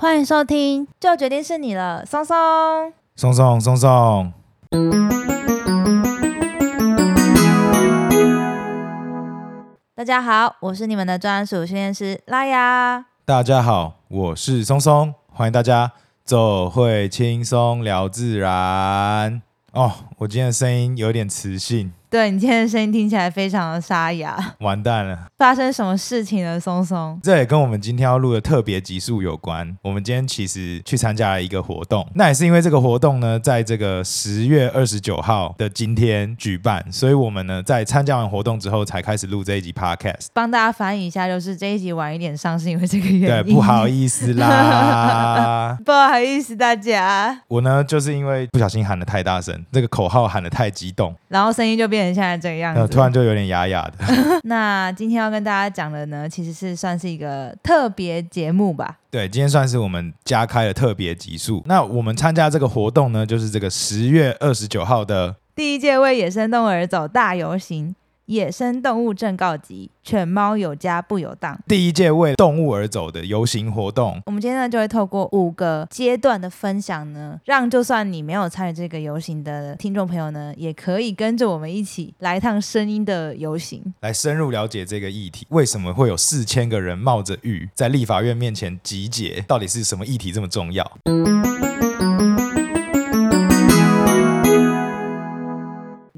歡迎收聽，就決定是你了，松松。松松松松。大家好，我是你們的專屬訓練師拉雅。大家好，我是松松，歡迎大家走會輕鬆聊自然。哦，我今天的聲音有點磁性。對，你今天的聲音聽起來非常的沙啞，完蛋了！發生什麼事情了，松松？這也跟我們今天要錄的特別集數有關。我們今天其實去參加了一個活動，那也是因為這個活動呢，在這個十月二十九號的今天舉辦，所以我們呢在參加完活動之後才開始錄這一集 podcast。幫大家翻譯一下，就是這一集晚一點上是因為這個原因。對，不好意思啦， 不好意思大家。我呢就是因為不小心喊得太大聲，這個口號喊得太激動，然後聲音就變。現在這個樣子，那突然就有點啞啞的 那今天要跟大家講的呢，其實是算是一個特別節目吧？對，今天算是我們加開了特別集數。那我們參加這個活動呢，就是這個十月二十九號的第一屆為野生動物而走大遊行。野生動物正告急，犬貓有家不遊蕩。第一屆為動物而走的遊行活動，我們今天呢就會透過五個階段的分享呢，讓就算你沒有參與這個遊行的聽眾朋友呢，也可以跟着我們一起來一趟聲音的遊行，來深入了解這個議題，為什麼會有四千個人冒着雨在立法院面前集結，到底是什麼議題這麼重要？嗯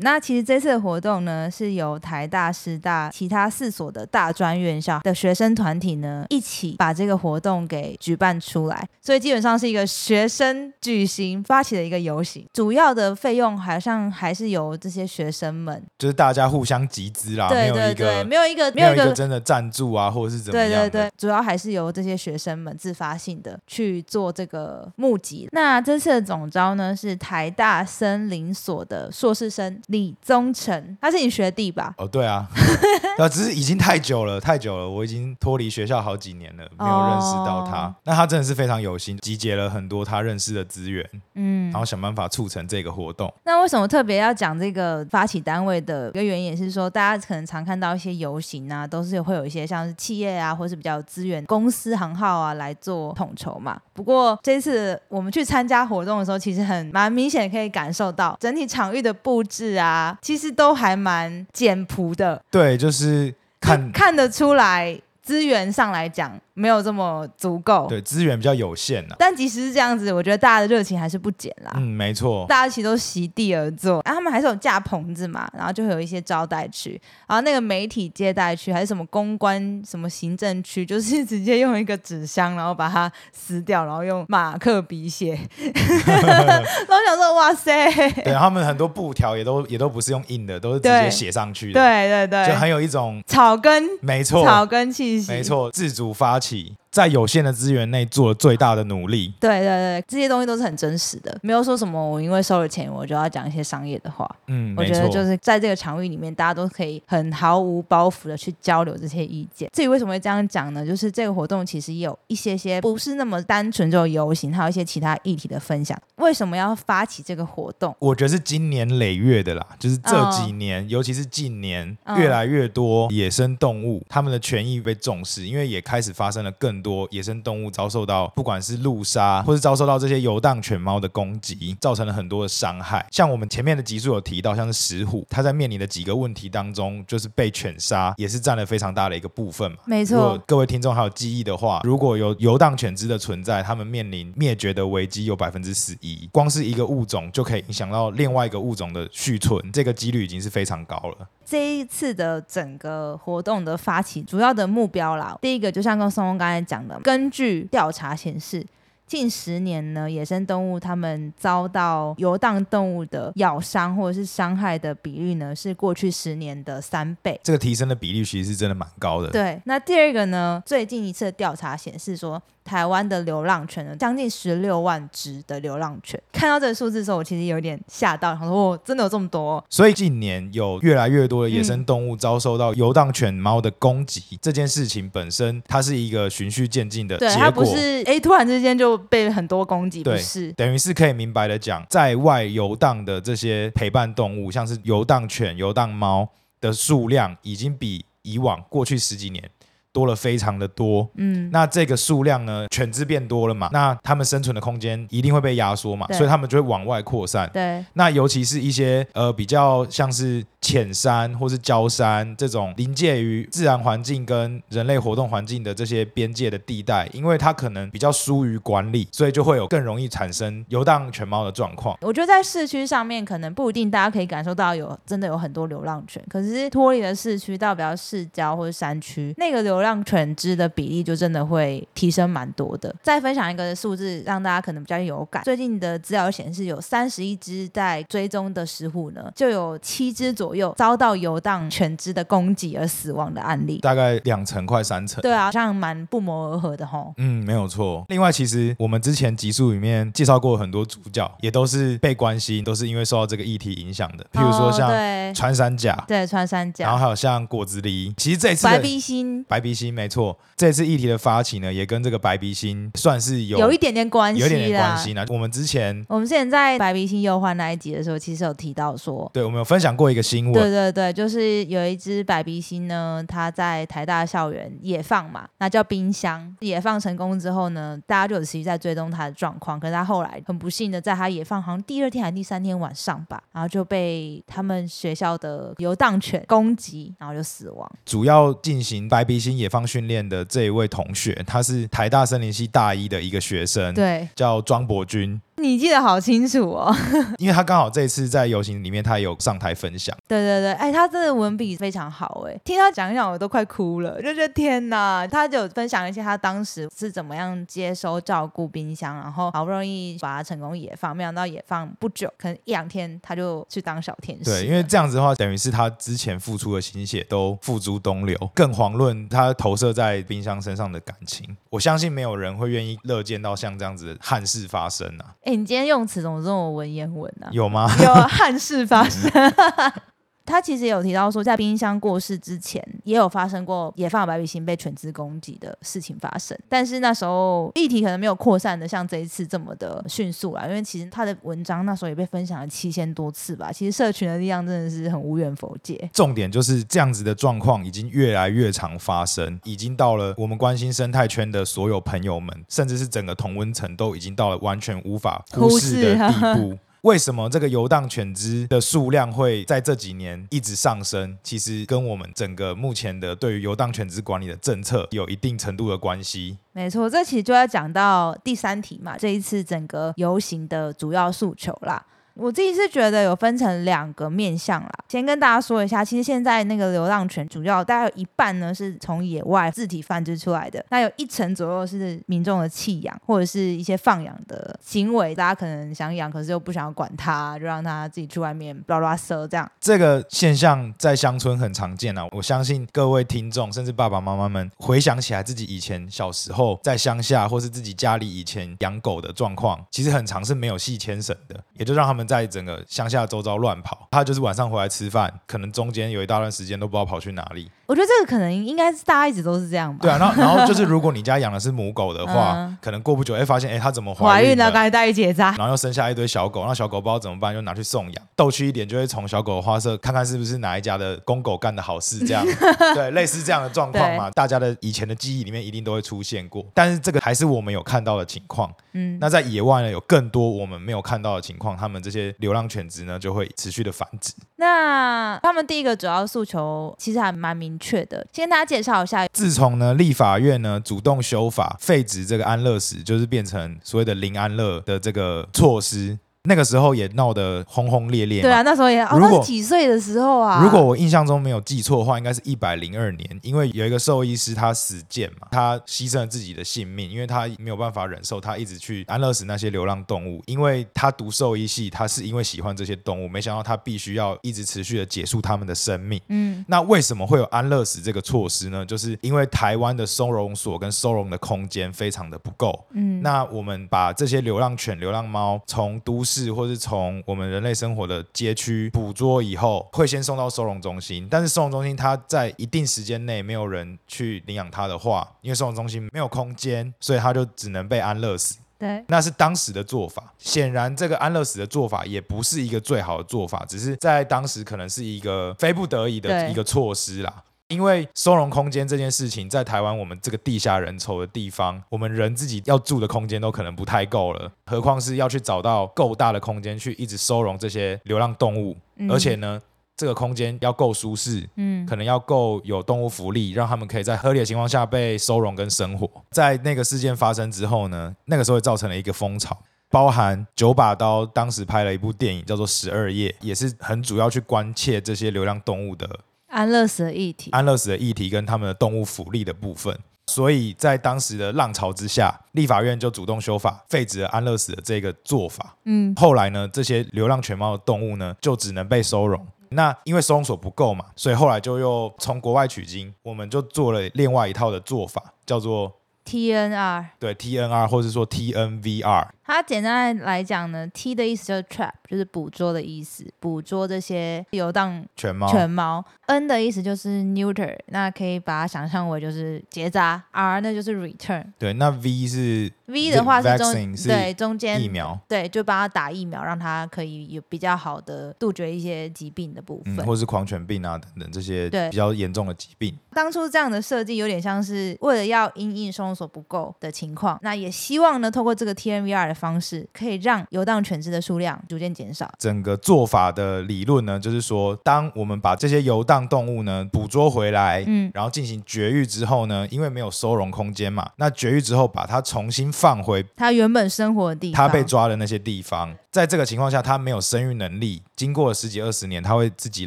那其實這次的活動呢，是由台大、師大、其他四所的大專院校的學生團體呢，一起把這個活動給舉辦出來。所以基本上是一個學生舉行發起的一個遊行，主要的費用好像還是由這些學生們，就是大家互相集資啦，對對對，沒有一個沒有一個沒有一個真的贊助啊，或者是怎麼樣？對對對，主要還是由這些學生們自發性的去做這個募集。那這次的總召呢，是台大森林所的碩士生。李宗成，他是你學弟吧？哦，對啊， 只是已經太久了，太久了，我已經脫離學校好幾年了，哦、沒有認識到他。那他真的是非常有心，集結了很多他認識的資源，嗯，然後想辦法促成這個活動。那為什麼特別要講這個發起單位的一個原因也是說，大家可能常看到一些遊行啊，都是會有一些像是企業啊，或是比較有資源的公司行號啊來做統籌嘛。不過這次我們去參加活動的時候，其實很，蠻明顯可以感受到整體場域的布置啊，其實都還蠻簡樸的。對，就是看看，看得出來，資源上來講。沒有這麼足夠，對，資源比較有限啊。但即使是這樣子，我覺得大家的熱情還是不減啦。嗯，沒錯。大家其實都席地而坐，哎、啊，他們還是有架棚子嘛，然後就會有一些招待區，然後那個媒體接待區還是什麼公關什麼行政區，就是直接用一個紙箱，然後把它撕掉，然後用馬克筆寫。嗯、 然後想說哇塞，對，他們很多布條也都也都不是用印的，都是直接寫上去的。對對，對對，就很有一種草根，沒錯，草根氣息，沒錯，自主發起。在有限的資源內做了最大的努力。對對對，這些東西都是很真實的，沒有說什麼我因為收了錢我就要講一些商業的話。嗯，沒錯。我覺得就是在這個場域裡面，大家都可以很毫無包袱的去交流這些意見。至於為什麼會這樣講呢？就是這個活動其實也有一些些不是那麼單純，就遊行，還有一些其他議題的分享。為什麼要發起這個活動？我覺得是經年累月的啦，就是這幾年，哦、尤其是近年，越來越多野生動物、哦、它們的權益被重視，因為也開始發生了更。多野生動物遭受到不管是路殺，或是遭受到這些遊蕩犬貓的攻擊，造成了很多的傷害。像我們前面的集數有提到，像是石虎，它在面臨的幾個問題當中，就是被犬殺也是佔了非常大的一個部分嘛。沒錯，各位聽眾還有記憶的話，如果有遊蕩犬隻的存在，他們面臨滅絕的危機有百分之十一。光是一個物種就可以影響到另外一個物種的續存，這個幾率已經是非常高了。這一次的整個活動的發起，主要的目標啦，第一個就像跟松松剛才講的，根據調查顯示，近十年呢，野生動物它們遭到遊蕩動物的咬傷或者是傷害的比例呢，是過去十年的三倍。這個提升的比例其實是真的蠻高的。對，那第二個呢，最近一次的調查顯示說。台灣的流浪犬，了，將近十六萬隻的流浪犬。看到這個數字的時候，我其實有點嚇到，想說我真的有這麼多哦。所以近年有越來越多的野生動物遭受到遊蕩犬貓的攻擊，嗯，這件事情本身它是一個循序漸進的，對，結果，它不是，哎、欸，突然之間就被很多攻擊，對，不是，等於是可以明白的講，在外遊蕩的這些陪伴動物，像是遊蕩犬、遊蕩貓的數量，已經比以往過去十幾年。多了非常的多，嗯，那這個數量呢，犬隻變多了嘛，那它們生存的空間一定會被壓縮嘛，所以它們就會往外擴散。對，那尤其是一些呃比較像是淺山或是郊山這種臨界於自然環境跟人類活動環境的這些邊界的地帶，因為它可能比較疏於管理，所以就會有更容易產生遊蕩犬貓的狀況。我覺得在市區上面可能不一定大家可以感受到有真的有很多流浪犬，可是脫離了市區到比較市郊或者山區，那個流浪讓犬隻的比例就真的會提升蠻多的。再分享一個數字，讓大家可能比較有感。最近的資料顯示，有三十一隻在追蹤的石虎呢，就有七隻左右遭到遊蕩犬隻的攻擊而死亡的案例，大概兩成快三成。對啊，好像蠻不謀而合的吼、哦。嗯，沒有錯。另外，其實我們之前集數裡面介紹過很多主角，也都是被關心，都是因為受到這個議題影響的。譬如說像、哦、對穿山甲，對穿山甲，然後還有像果子狸。其實這次白鼻心白鼻。心，沒錯，這次議題的發起呢，也跟這個白鼻心算是有，有一點點關係啦，有一點，點關係，我們之前，我們之前在白鼻心又換那一集的時候，其實有提到說，對我們有分享過一個新聞。對對對，就是有一隻白鼻心呢，它在台大校園野放嘛，那叫冰箱。野放成功之後呢，大家就有持續在追蹤它的狀況。可是它後來很不幸的，在它野放好像第二天還是第三天晚上吧，然後就被他們學校的遊蕩犬攻擊，然後就死亡。主要進行白鼻心，野放訓練的這一位同學，他是台大森林系大一的一個學生，對，叫莊博君。你記得好清楚哦， 因為他剛好這次在遊行裡面，他也有上台分享。對對對，哎、欸，他真的文筆非常好，欸，哎，聽他講一講，我都快哭了，就覺得天哪！他就分享一些他當時是怎麼樣接收照顧冰箱，然後好不容易把它成功野放，沒想到野放不久，可能一兩天他就去當小天使。對，因為這樣子的話，等於是他之前付出的心血都付諸東流，更遑論他投射在冰箱身上的感情。我相信沒有人會願意樂見到像這樣子的憾事發生啊。欸你今天用詞怎麼這麼文言文啊？有嗎？有啊， 憾事發生。嗯 他其實也有提到說，在冰箱過世之前，也有發生過野放白鼻心被犬隻攻擊的事情發生，但是那時候議題可能沒有擴散的像這一次這麼的迅速啦，因為其實他的文章那時候也被分享了七千多次吧。其實社群的力量真的是很無遠弗屆，重點就是這樣子的狀況已經越來越常發生，已經到了我們關心生態圈的所有朋友們，甚至是整個同溫層，都已經到了完全無法忽視的地步。 為什麼這個遊蕩犬只的數量會在這幾年一直上升？其實跟我們整個目前的對於遊蕩犬只管理的政策有一定程度的關係。沒錯，這期就要講到第三題嘛，這一次整個遊行的主要訴求啦。我自己是覺得有分成兩個面向啦，先跟大家說一下，其實現在那個流浪犬主要大概有一半呢是從野外自體繁殖出來的，那有一成左右是民眾的棄養或者是一些放養的行為，大家可能想養可是又不想要管它，就讓它自己去外面拉拉撒這樣。這個現象在鄉村很常見啊，我相信各位聽眾甚至爸爸媽媽們回想起來自己以前小時候在鄉下或是自己家裡以前養狗的狀況，其實很常是沒有繫牽繩的，也就讓他們。在整個鄉下周遭亂跑，他就是晚上回來吃飯，可能中間有一大段時間都不知道跑去哪裡。我覺得這個可能應該是大家一直都是這樣吧。對啊，然後 然後就是如果你家養的是母狗的話，嗯、可能過不久會發現，哎，它怎麼懷孕了？懷孕了，剛才大一姐在，然後又生下一堆小狗，那小狗不知道怎麼辦，就拿去送養。逗趣一點，就會從小狗的花色看看是不是哪一家的公狗幹的好事，這樣。 對，類似這樣的狀況嘛，大家的以前的記憶裡面一定都會出現過。但是這個還是我們有看到的情況。嗯，那在野外呢，有更多我們沒有看到的情況，他們這些流浪犬隻呢就會持續的繁殖。那他們第一個主要訴求其實還蠻明確的，先跟大家介紹一下。自從呢，立法院呢主動修法廢止這個安樂死，就是變成所謂的零安樂的這個措施。那個時候也鬧得轟轟烈烈。對啊，那時候也。那、哦、果是幾歲的時候啊？如果我印象中沒有記錯的話，應該是一百零二年。因為有一個獸醫師他死諫，嘛，他犧牲了自己的性命，因為他沒有辦法忍受他一直去安樂死那些流浪動物。因為他讀獸醫系，他是因為喜歡這些動物，沒想到他必須要一直持續的結束他們的生命。嗯。那為什麼會有安樂死這個措施呢？就是因為台灣的收容所跟收容的空間非常的不夠。嗯。那我們把這些流浪犬、流浪貓從都市是，或是從我們人類生活的街區捕捉以後，會先送到收容中心。但是收容中心它在一定時間內沒有人去領養它的話，因為收容中心沒有空間，所以它就只能被安樂死。對，那是當時的做法。顯然，這個安樂死的做法也不是一個最好的做法，只是在當時可能是一個非不得已的一個措施啦。因為收容空間這件事情，在台灣我們這個地狹人稠的地方，我們人自己要住的空間都可能不太夠了，何況是要去找到夠大的空間去一直收容這些流浪動物，嗯、而且呢，這個空間要夠舒適，嗯，可能要夠有動物福利，讓他們可以在合理的情況下被收容跟生活。在那個事件發生之後呢，那個時候造成了一個風潮，包含九把刀當時拍了一部電影叫做《十二夜》，也是很主要去關切這些流浪動物的。安樂死的議題，安樂死的議題跟他們的動物福利的部分，所以在當時的浪潮之下，立法院就主動修法廢止了安樂死的這個做法。嗯，後來呢，這些流浪犬貓的動物呢，就只能被收容。那因為收容所不夠嘛，所以後來就又從國外取經，我們就做了另外一套的做法，叫做。T N R 對 T N R，或是說 T N V R。它簡單來講呢，T 的意思就是 trap，就是捕捉的意思，捕捉這些遊蕩犬貓犬貓。N 的意思就是 neuter，那可以把它想象為就是結扎。R 那就是 return。對，那 V 是 V 的話是中對，是對中間疫苗，對，就幫他打疫苗，讓他可以有比較好的杜絕一些疾病的部分，嗯、或是狂犬病啊等等這些對比較嚴重的疾病。當初這樣的設計有點像是為了要因應鬆。所不夠的情況，那也希望呢，透過這個 TNVR 的方式，可以讓遊蕩犬隻的數量逐漸減少。整個做法的理論呢，就是說，當我們把這些遊蕩動物呢捕捉回來，嗯，然後進行絕育之後呢，因為沒有收容空間嘛，那絕育之後把它重新放回它原本生活的地方，它被抓的那些地方，在這個情況下，它沒有生育能力，經過了十幾二十年，它會自己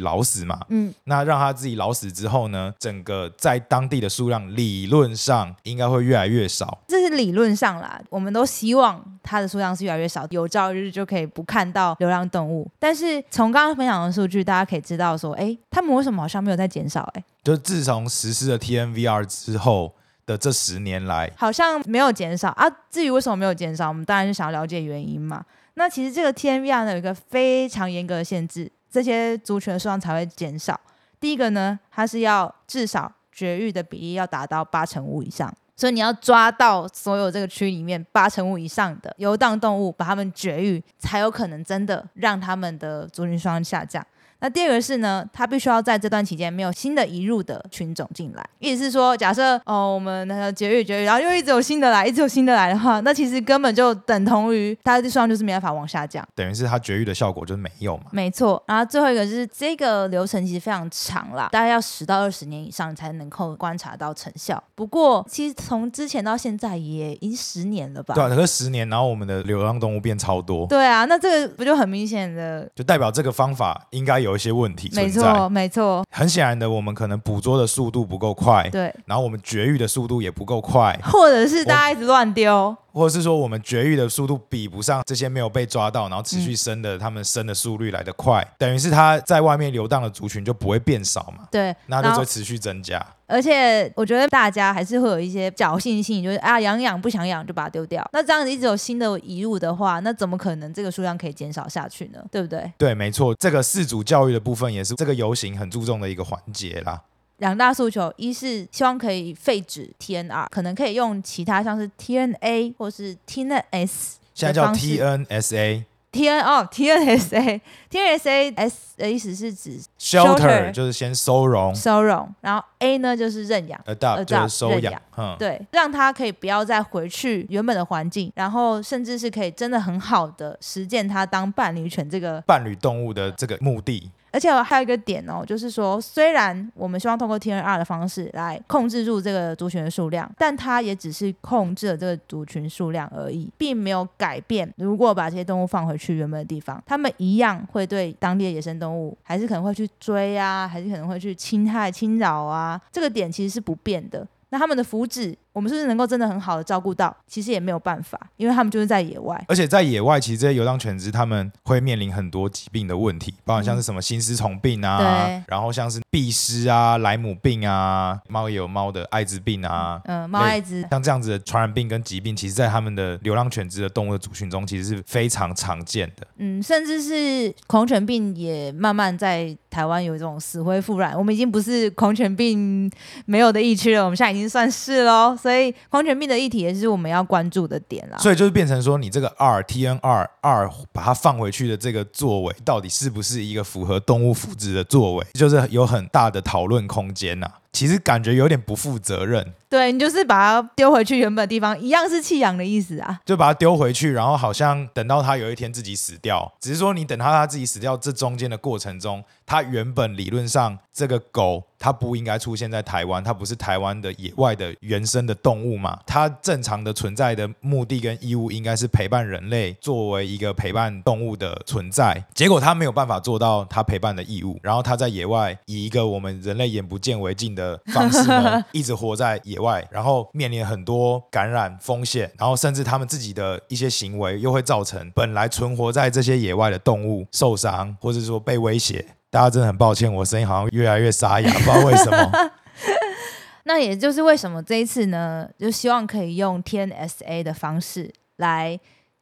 老死嘛，嗯，那讓它自己老死之後呢，整個在當地的數量理論上應該會越。越來越少，這是理論上啦。我們都希望它的數量是越來越少，有朝一日就可以不看到流浪動物。但是從剛剛分享的數據，大家可以知道說，哎，它們為什麼好像沒有在減少、欸？哎，就自從實施了 TNVR 之後的這十年來，好像沒有減少啊。至於為什麼沒有減少，我們當然是想要了解原因嘛。那其實這個 TNVR 呢有一個非常嚴格的限制，這些族群的數量才會減少。第一個呢，它是要至少絕育的比例要達到八成五以上。所以你要抓到所有這個區域裡面八成五以上的遊蕩動物，把它們絕育，才有可能真的讓它們的族群數量下降。那第二個是呢，它必須要在這段期間沒有新的移入的群種進來，意思是說，假設哦，我們那個絕育絕育，然後又一直有新的來，一直有新的來的話，那其實根本就等同於它的數量就是沒辦法往下降，等於是它絕育的效果就是沒有嘛。沒錯。然後最後一個就是這個流程其實非常長啦，大概要十到二十年以上才能夠觀察到成效。不過其實從之前到現在也已經十年了吧？對啊，可能十年，然後我們的流浪動物變超多。對啊，那這個不就很明顯的？就代表這個方法應該有。有些問題存在，沒錯，沒錯。很顯然的，我們可能捕捉的速度不夠快，對，然後我們絕育的速度也不夠快，或者是大家一直亂丟。或者是說，我們絕育的速度比不上這些沒有被抓到，然後持續生的，它、嗯、們生的速率來得快，等於是它在外面流蕩的族群就不會變少嘛？對，那就會持續增加。而且我覺得大家還是會有一些僥倖心理，就是啊，養養，不想養就把它丟掉。那這樣子一直有新的移入的話，那怎麼可能這個數量可以減少下去呢？對不對？對，沒錯，這個飼主教育的部分也是這個遊行很注重的一個環節啦。兩大訴求，一是希望可以廢止 T N R，可能可以用其他像是 T N A 或是 T N S，現在叫 T N S A，T N T N S A T N、oh, S A S 的意思是指 shoulder, shelter，就是先收容收容，然後 A 呢就是認養 adopt 收養，養、嗯，對，讓他可以不要再回去原本的環境，然後甚至是可以真的很好的實踐他當伴侶犬這個伴侶動物的這個目的。而且還有，還有一個點哦，就是說，雖然我們希望通過 TNR 的方式來控制住這個族群的數量，但它也只是控制了這個族群數量而已，並沒有改變。如果把這些動物放回去原本的地方，它們一樣會對當地的野生動物，還是可能會去追啊，還是可能會去侵害、侵擾啊。這個點其實是不變的。那它們的福祉？我們是不是能夠真的很好的照顧到？其實也沒有辦法，因為他們就是在野外。而且在野外，其實這些流浪犬隻他們會面臨很多疾病的問題，包含像是什麼心絲蟲病啊、嗯，然後像是壁蝨啊、萊姆病啊，貓也有貓的艾滋病啊，嗯，貓、嗯、艾滋、欸，像這樣子的傳染病跟疾病，其實在他們的流浪犬隻的動物的族群中，其實是非常常見的。嗯，甚至是狂犬病也慢慢在台灣有一種死灰復燃。我們已經不是狂犬病沒有的疫區了，我們現在已經算是嘍。所以狂犬病的議題也是我們要關注的點啦。所以就是變成說，你這個 R T N R R 把它放回去的這個作為，到底是不是一個符合動物福祉的作為，就是有很大的討論空間吶、啊。其實感覺有點不負責任對，對，你就是把它丟回去原本地方，一樣是棄養的意思啊。就把它丟回去，然後好像等到它有一天自己死掉。只是說你等它，它自己死掉，這中間的過程中，它原本理論上這個狗它不應該出現在台灣，它不是台灣的野外的原生的動物嘛？它正常的存在的目的跟義務應該是陪伴人類，作為一個陪伴動物的存在。結果它沒有辦法做到它陪伴的義務，然後它在野外以一個我們人類眼不見為淨的。 方式呢，一直活在野外，然後面臨很多感染風險，然後甚至他們自己的一些行為又會造成本來存活在這些野外的動物受傷，或者說被威脅。大家真的很抱歉，我聲音好像越來越沙啞，不知道為什麼。 那也就是為什麼這一次呢，就希望可以用 TNSA 的方式來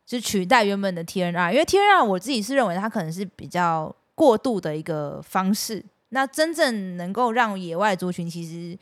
就取代原本的 TNR，因為 TNR 我自己是認為它可能是比較過度的一個方式。那真正能夠讓野外族群其實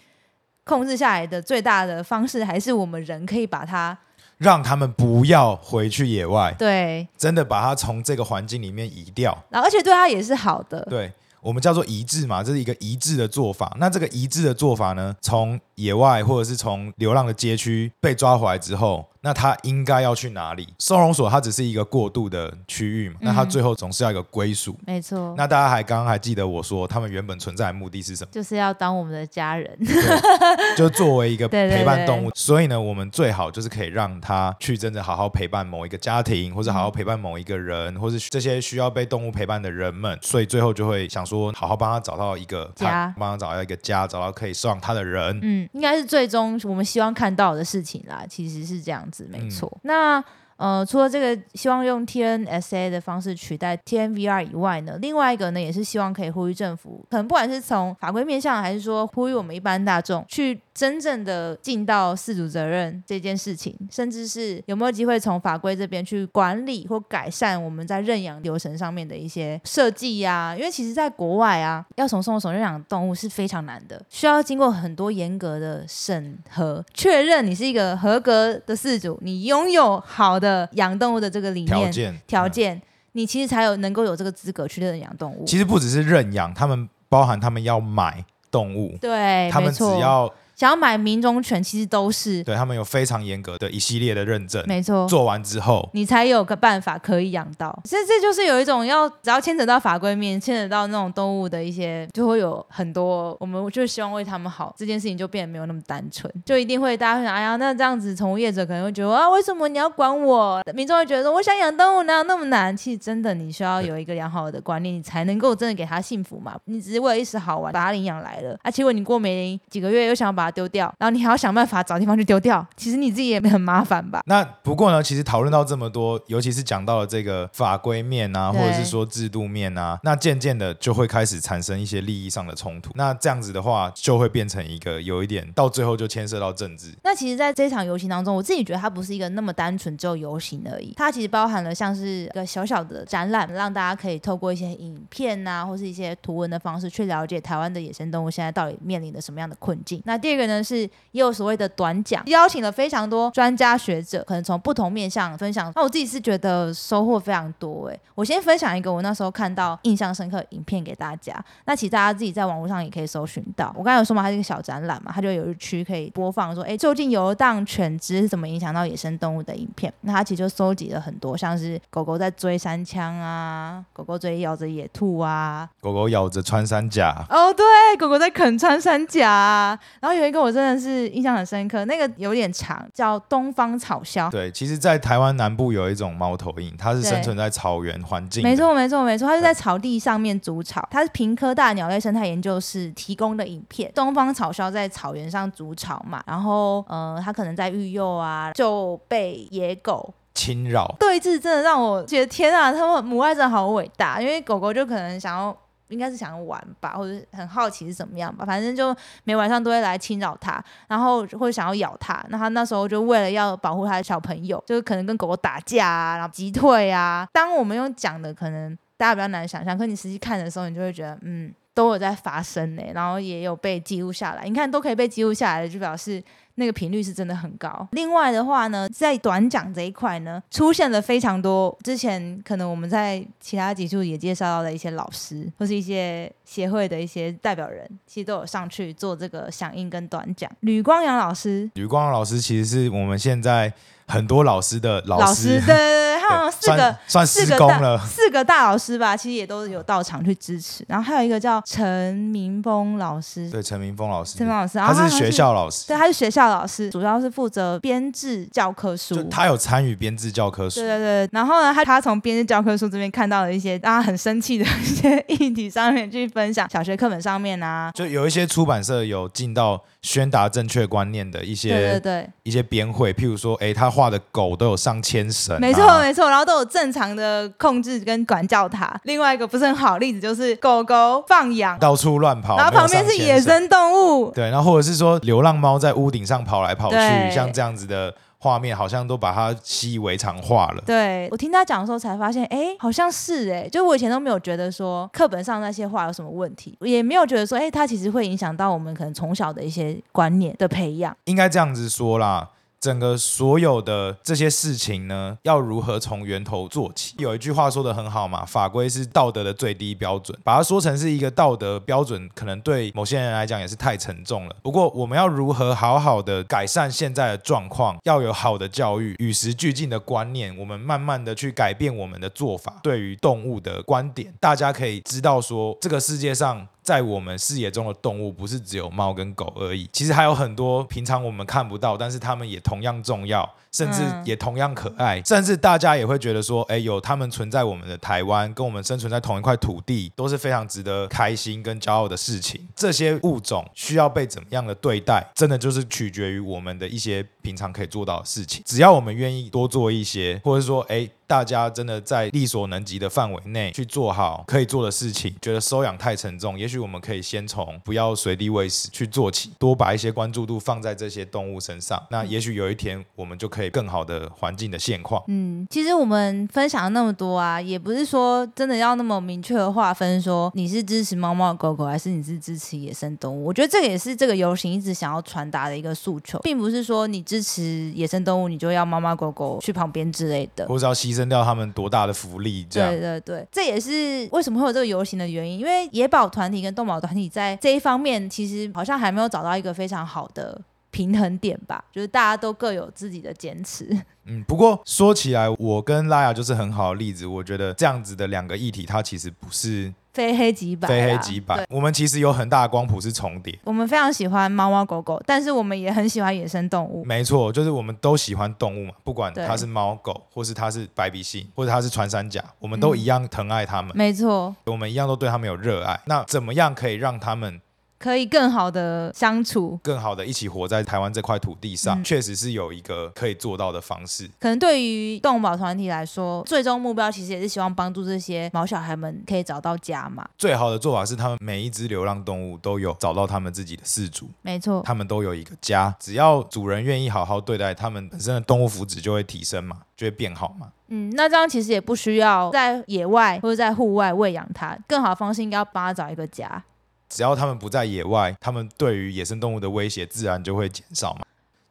控制下來的最大的方式，還是我們人可以把它，讓他們不要回去野外，對，真的把它從這個環境裡面移掉，然後，啊，而且對它也是好的，對，我們叫做移置嘛，這是一個移置的做法。那這個移置的做法呢，從野外或者是從流浪的街區被抓回來之後。那他應該要去哪裡？收容所，它只是一個過渡的區域嘛，嗯。那他最後總是要一個歸屬，沒錯。那大家還剛剛還記得我說，他們原本存在的目的是什麼？就是要當我們的家人， 就作為一個陪伴動物。對對對對對，所以呢，我們最好就是可以讓他去真正好好陪伴某一個家庭，或者好好陪伴某一個人，或是這些需要被動物陪伴的人們。所以最後就會想說，好好幫他找到一個家，幫他找到一個家，找到可以收養他的人。嗯，應該是最終我們希望看到的事情啦。其實是這樣。沒錯，嗯、那。呃，除了這個，希望用 TNSA 的方式取代 TNVR 以外呢，另外一個呢，也是希望可以呼籲政府，可能不管是從法規面上，還是說呼籲我們一般大眾去真正的盡到飼主責任這件事情，甚至是有沒有機會從法規這邊去管理或改善我們在認養流程上面的一些設計呀、啊，因為其實在國外啊，要從送送認養的動物是非常難的，需要經過很多嚴格的審核，確認你是一個合格的飼主，你擁有好的。的養動物的這個理念條件，條件、嗯，你其實才有能夠有這個資格去認養動物。其實不只是認養，他們包含他們要買動物，對，他們只要。想要買名種犬，其實都是對他們有非常嚴格的一系列的認證，沒錯，做完之後你才有個辦法可以養到。這這就是有一種要，只要牽扯到法規面，牽扯到那種動物的一些，就會有很多。我們就希望為他們好，這件事情就變得沒有那麼單純，就一定會大家會想，哎呀，那這樣子寵物業者可能會覺得啊，為什麼你要管我？民眾會覺得說，我想養動物哪有那麼難？其實真的你需要有一個良好的觀念，你才能夠真的給他幸福嘛。你只是為了一時好玩把他領養來了，啊，結果你過沒幾個月又想要把丟掉，然後你還要想辦法找地方去丟掉，其實你自己也沒很麻煩吧？那不過呢，其實討論到這麼多，尤其是講到了這個法規面啊，或者是說制度面啊，那漸漸的就會開始產生一些利益上的衝突。那這樣子的話，就會變成一個有一點到最後就牽涉到政治。那其實在這場遊行當中，我自己覺得它不是一個那麼單純只有遊行而已，它其實包含了像是一個小小的展覽，讓大家可以透過一些影片啊，或是一些圖文的方式，去了解台灣的野生動物現在到底面臨著什麼樣的困境。那第這個呢是也有所謂的短講，邀請了非常多專家學者，可能從不同面向分享。那我自己是覺得收穫非常多哎、欸。我先分享一個我那時候看到印象深刻的影片給大家。那其實大家自己在網絡上也可以搜尋到。我剛才有說嘛，它是一個小展覽嘛，它就有一區可以播放說，哎、欸，究竟遊蕩犬只是怎麼影響到野生動物的影片？那它其實就搜集了很多，像是狗狗在追山羌啊，狗狗追咬着野兔啊，狗狗咬着穿山甲。哦，對，狗狗在啃穿山甲，然後有這、那個我真的是印象很深刻，那個有點長，叫東方草鴞。對，其實，在台灣南部有一種貓頭鷹，它是生存在草原環境。沒錯，沒錯，沒錯，它是在草地上面築巢。它是屏科大鳥類生態研究室提供的影片，東方草鴞在草原上築巢嘛，然後，呃，它可能在育幼啊，就被野狗侵擾。對峙真的讓我覺得天啊，它們母愛真的好偉大，因為狗狗就可能想要。應該是想要玩吧，或者很好奇是怎麼樣吧，反正就每晚上都會來侵擾它，然後或者想要咬它。那他那時候就為了要保護他的小朋友，就是可能跟狗狗打架啊，然後擊退啊。當我們用講的，可能大家比較難想象，可是你實際看的時候，你就會覺得嗯，都有在發生呢、欸，然後也有被記錄下來。你看都可以被記錄下來的，就表示。那個頻率是真的很高。另外的話呢，在短講這一塊呢，出現了非常多之前可能我們在其他集數，也介紹到的一些老師，或是一些協會的一些代表人，其實都有上去做這個響應跟短講。呂光洋老師，呂光洋老師其實是我們現在。很多老師的老師、老師，對對對，還有四個算四個算了四個大老師吧，其實也都有到場去支持。然後還有一個叫陳明峰老師，對，陳明峰老師，陳明峰老師、他老師他，他是學校老師，對、他是、師，對他是學校老師，主要是負責編製教科書，他有參與編製教科書，對對對。然後呢，他他從編製教科書這邊看到了一些大家很生氣的一些議題，上面去分享小學課本上面啊，就有一些出版社有進到宣達正確觀念的一些對對、對一些編會，譬如說，哎、欸，他。畫的狗都有上牽繩，啊，沒錯沒錯，然後都有正常的控制跟管教它。另外一個不是很好例子就是狗狗放養，到處亂跑，然後旁邊是野生動物，對，然後或者是說流浪貓在屋頂上跑來跑去，像這樣子的畫面，好像都把它習以為常化了。對我聽他講的時候才發現，哎，好像是哎、欸，就我以前都沒有覺得說課本上那些畫有什麼問題，我也沒有覺得說，哎，它其實會影響到我們可能從小的一些觀念的培養，應該這樣子說啦。整個所有的這些事情呢，要如何從源頭做起？有一句話說得很好嘛，法規是道德的最低標準，把它說成是一個道德標準，可能對某些人來講也是太沉重了。不過，我們要如何好好的改善現在的狀況？要有好的教育，與時俱進的觀念，我們慢慢的去改變我們的做法。對於動物的觀點，大家可以知道說，這個世界上。在我們視野中的動物，不是只有貓跟狗而已。其實還有很多平常我們看不到，但是它們也同樣重要，甚至也同樣可愛。嗯、甚至大家也會覺得說，誒，有它們存在我們的台灣，跟我們生存在同一塊土地，都是非常值得開心跟驕傲的事情。這些物種需要被怎麼樣的對待，真的就是取決於我們的一些平常可以做到的事情。只要我們願意多做一些，或者說，誒。大家真的在力所能及的範圍內去做好可以做的事情，覺得收養太沉重，也許我們可以先從不要隨地餵食去做起，多把一些關注度放在這些動物身上。那也許有一天我們就可以更好的環境的現況。嗯，其實我們分享了那麼多啊，也不是說真的要那麼明確的劃分，說你是支持貓貓狗狗，還是你是支持野生動物。我覺得這個也是這個遊行一直想要傳達的一個訴求，并不是說你支持野生動物，你就要貓貓狗狗去旁邊之類的。不知道吸。犧牲掉他們多大的福利？這樣對，對對對，這也是為什麼會有這個遊行的原因。因為野保團體跟動保團體在這一方面，其實好像還沒有找到一個非常好的平衡點吧。就是大家都各有自己的堅持。嗯，不過說起來，我跟拉雅就是很好的例子。我覺得這樣子的兩個議題，它其實不是。非黑即白啊，非黑即白。我們其實有很大的光譜是重疊。我們非常喜歡貓貓狗狗，但是我們也很喜歡野生動物。沒錯，就是我們都喜歡動物嘛，不管它是貓狗，或是它是白鼻心，或者它是穿山甲，我們都一樣疼愛它們。嗯、沒錯，我們一樣都對它們有熱愛。那怎麼樣可以讓它們可以更好的相處，更好的一起活在台灣這塊土地上，嗯，確實是有一個可以做到的方式。可能對於動物保團體來說，最終目標其實也是希望幫助這些毛小孩們可以找到家嘛。最好的做法是，他們每一只流浪動物都有找到他們自己的飼主，沒錯，他們都有一個家。只要主人願意好好對待他們，本身的動物福祉就會提升嘛，就會變好嘛。嗯，那這樣其實也不需要在野外或者在戶外餵養它，更好的方式應該要幫他找一個家。只要他們不在野外，他們對於野生動物的威脅自然就會減少嘛。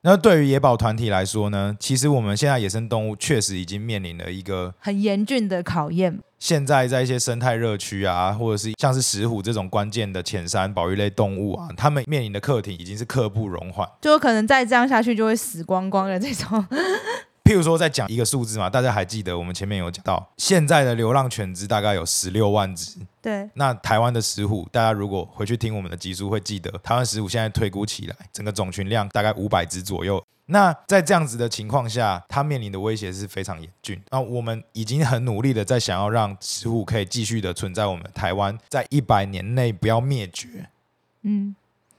那對於野保團體來說呢？其實我們現在野生動物確實已經面臨了一個很嚴峻的考驗。現在在一些生態熱區啊，或者是像是石虎這種關鍵的淺山保育類動物啊，他們面臨的課題已經是刻不容緩，就可能再這樣下去就會死光光的這種。 譬如說，再講一個數字嘛，大家還記得我們前面有講到，現在的流浪犬隻大概有十六萬隻。對。那台灣的石虎，大家如果回去聽我們的集數會記得，台灣石虎現在推估起來，整個種群量大概五百隻左右。那在這樣子的情況下，它面臨的威脅是非常嚴峻。那我們已經很努力的在想要讓石虎可以繼續的存在，我們台灣在一百年內不要滅絕。嗯，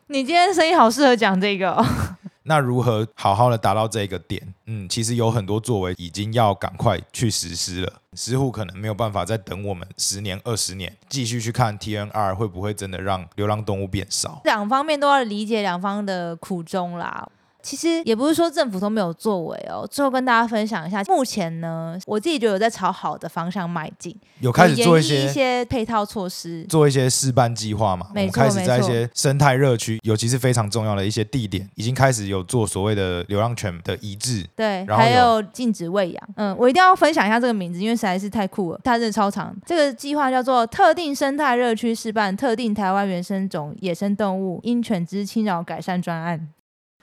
你今天聲音好適合講這個哦。那如何好好的達到這一個點？嗯，其實有很多作為已經要趕快去實施了。似乎可能沒有辦法再等我們十年、二十年，繼續去看 TNR 會不會真的讓流浪動物變少。兩方面都要理解兩方的苦衷啦。其實也不是說政府都沒有作為哦。最後跟大家分享一下，目前呢，我自己就有在朝好的方向邁進，有開始做一些,一些配套措施，做一些試辦計劃嘛。我開始在一些生態熱區，尤其是非常重要的一些地點，已經開始有做所謂的流浪犬的移置，對然後，還有禁止餵養。嗯，我一定要分享一下這個名字，因為實在是太酷了，它真的超長的。這個計劃叫做“特定生態熱區示範特定台灣原生種野生動物因犬只侵擾改善專案”。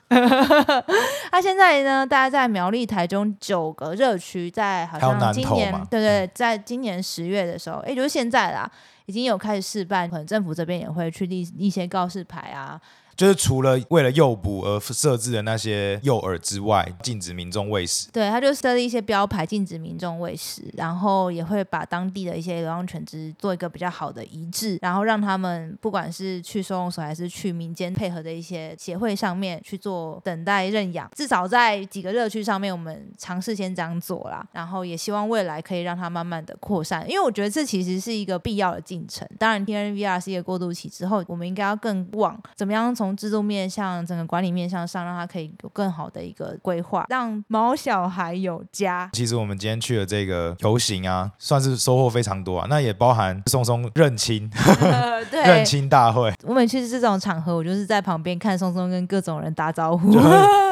那、 啊、現在呢，大家在苗栗、台中九個熱區，在好像今年，對，對對，在今年十月的時候，哎、嗯欸，就是現在啦，已經有開始示範，可能政府這邊也會去立一些告示牌啊。就是除了為了誘捕而設置的那些誘餌之外，禁止民眾餵食。對，他就設立一些標牌禁止民眾餵食，然後也會把當地的一些流浪犬隻做一個比較好的醫治，然後讓他們不管是去收容所還是去民間配合的一些協會上面去做等待認養。至少在幾個熱區上面，我們嘗試先這樣做啦，然後也希望未來可以讓它慢慢的擴散，因為我覺得這其實是一個必要的進程。當然，TNVR 是一個過渡期，之後我們應該要更往怎麼樣從從制度面向整個管理面向上，讓他可以有更好的一個規劃，讓毛小孩有家。其實我們今天去了這個遊行啊，算是收穫非常多啊。那也包含松松認親，呃、對、認親大會。我們每次這種場合，我就是在旁邊看松松跟各種人打招呼，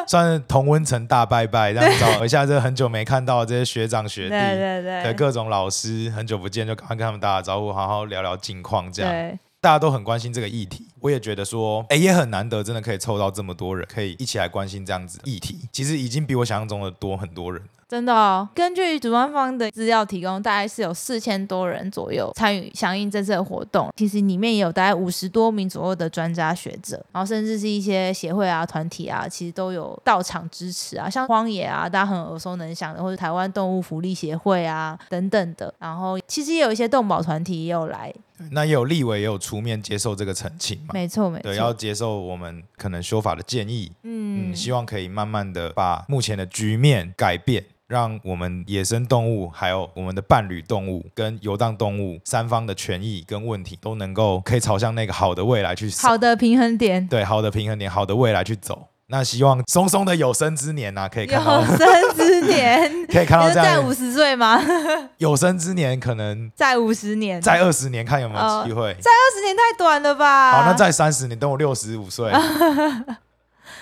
算是同溫層大拜拜，讓找一下這很久沒看到的這些學長學弟，對對對，對各種老師，很久不見就趕快跟他們打打招呼，好好聊聊近況，這樣，對大家都很關心這個議題。我也覺得說，哎、欸，也很難得，真的可以湊到這麼多人，可以一起來關心這樣子的議題，其實已經比我想象中的多很多人。真的哦，根據主辦方的資料提供，大概是有四千多人左右參與響應這次的活動。其實裡面也有大概五十多名左右的專家學者，然後甚至是一些協會啊、團體啊，其實都有到場支持啊，像荒野啊，大家很耳熟能詳的，或者台灣動物福利協會啊等等的。然後其實也有一些動保團體也有來。嗯、那也有立委也有出面接受這個陳情嘛？沒錯，沒錯。對，要接受我們可能修法的建議嗯。嗯，希望可以慢慢的把目前的局面改變。讓我們野生動物、還有我們的伴侶動物跟遊蕩動物三方的權益跟問題都能夠可以朝向那個好的未來去好的平衡點，對，好的平衡點，好的未來去走。那希望松松的有生之年呢、啊，可以看到有生之年 可以看到這樣，你在五十歲嗎？ 有生之年可能在五十年，在二十年 看有沒有機會，哦、在二十年太短了吧？好，那在三十年，等我六十五歲。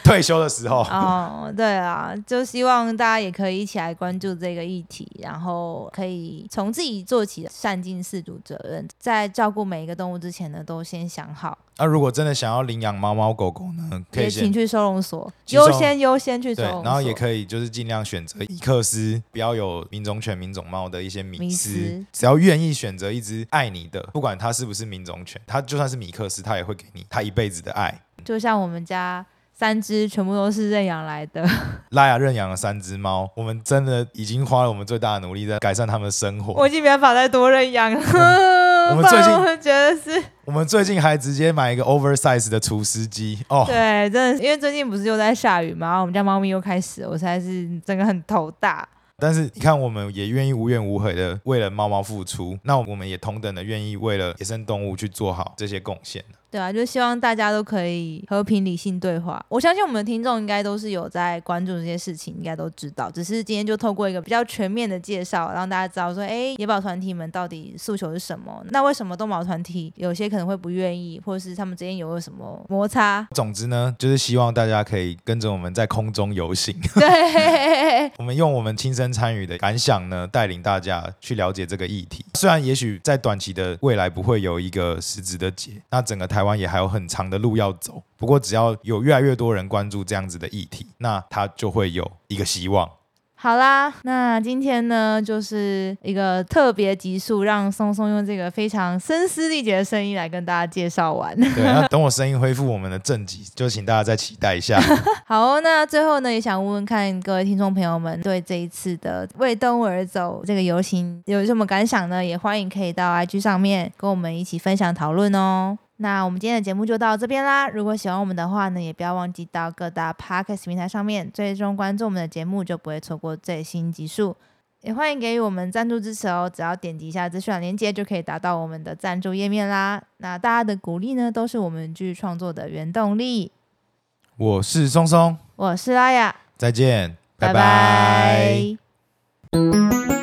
退休的時候，哦，對啊，就希望大家也可以一起來關注這個議題，然後可以從自己做起，善盡飼主責任。在照顧每一個動物之前呢，都先想好。那、啊、如果真的想要領養貓貓，貓狗狗呢，可以先可以請去收容所收優先優先去。收容所。對，然後也可以就是儘量選擇米克斯，米克斯不要有品種犬、品種貓的一些迷思。只要願意選擇一只愛你的，不管它是不是品種犬，它就算是米克斯，它也會給你它一輩子的愛。就像我們家。三隻全部都是認養來的。拉雅認養了三隻貓，我們真的已經花了我們最大的努力在改善它們的生活。我已經沒辦法再多認養了。 我們最近 我們覺得是 ，我們最近還直接買一個 oversize 的除濕機哦。Oh, 對，真的是，因為最近不是又在下雨嘛，然後我們家貓咪又開始了，我實在是真的很頭大。但是你看，我們也願意無怨無悔的為了貓貓付出，那我們也同等的願意為了野生動物去做好這些貢獻。對啊，就希望大家都可以和平理性對話。我相信我們的聽眾應該都是有在關注這些事情，應該都知道。只是今天就透過一個比較全面的介紹，讓大家知道說，哎，野保團體們到底訴求是什麼？那為什麼動保團體有些可能會不願意，或者是他們之間有沒什麼摩擦？總之呢，就是希望大家可以跟着我們在空中遊行。對， 我們用我們親身參與的感想呢，帶領大家去了解這個議題。雖然也許在短期的未來不會有一個實質的解，那整個台。也還有很長的路要走，不過只要有越來越多人關注這樣子的議題，那它就會有一個希望。好啦，那今天呢，就是一個特別急速，讓松松用這個非常聲嘶力竭的聲音來跟大家介紹完。對， 那等我聲音恢復我們的正極，就請大家再期待一下。 好、哦，那最後呢，也想問問看各位聽眾朋友們，對這一次的為動物而走這個遊行有什麼感想呢？也歡迎可以到 IG 上面跟我們一起分享討論哦。那我們今天的節目就到這邊啦！如果喜歡我們的話呢，也不要忘記到各大 podcast 平台上面追蹤關注我們的節目，就不會錯過最新集數。也歡迎給予我們贊助支持哦！只要點擊一下資訊欄鏈接，就可以達到我們的贊助頁面啦。那大家的鼓勵呢，都是我們繼續創作的原動力。我是松松，我是拉雅，再見，拜拜。拜拜。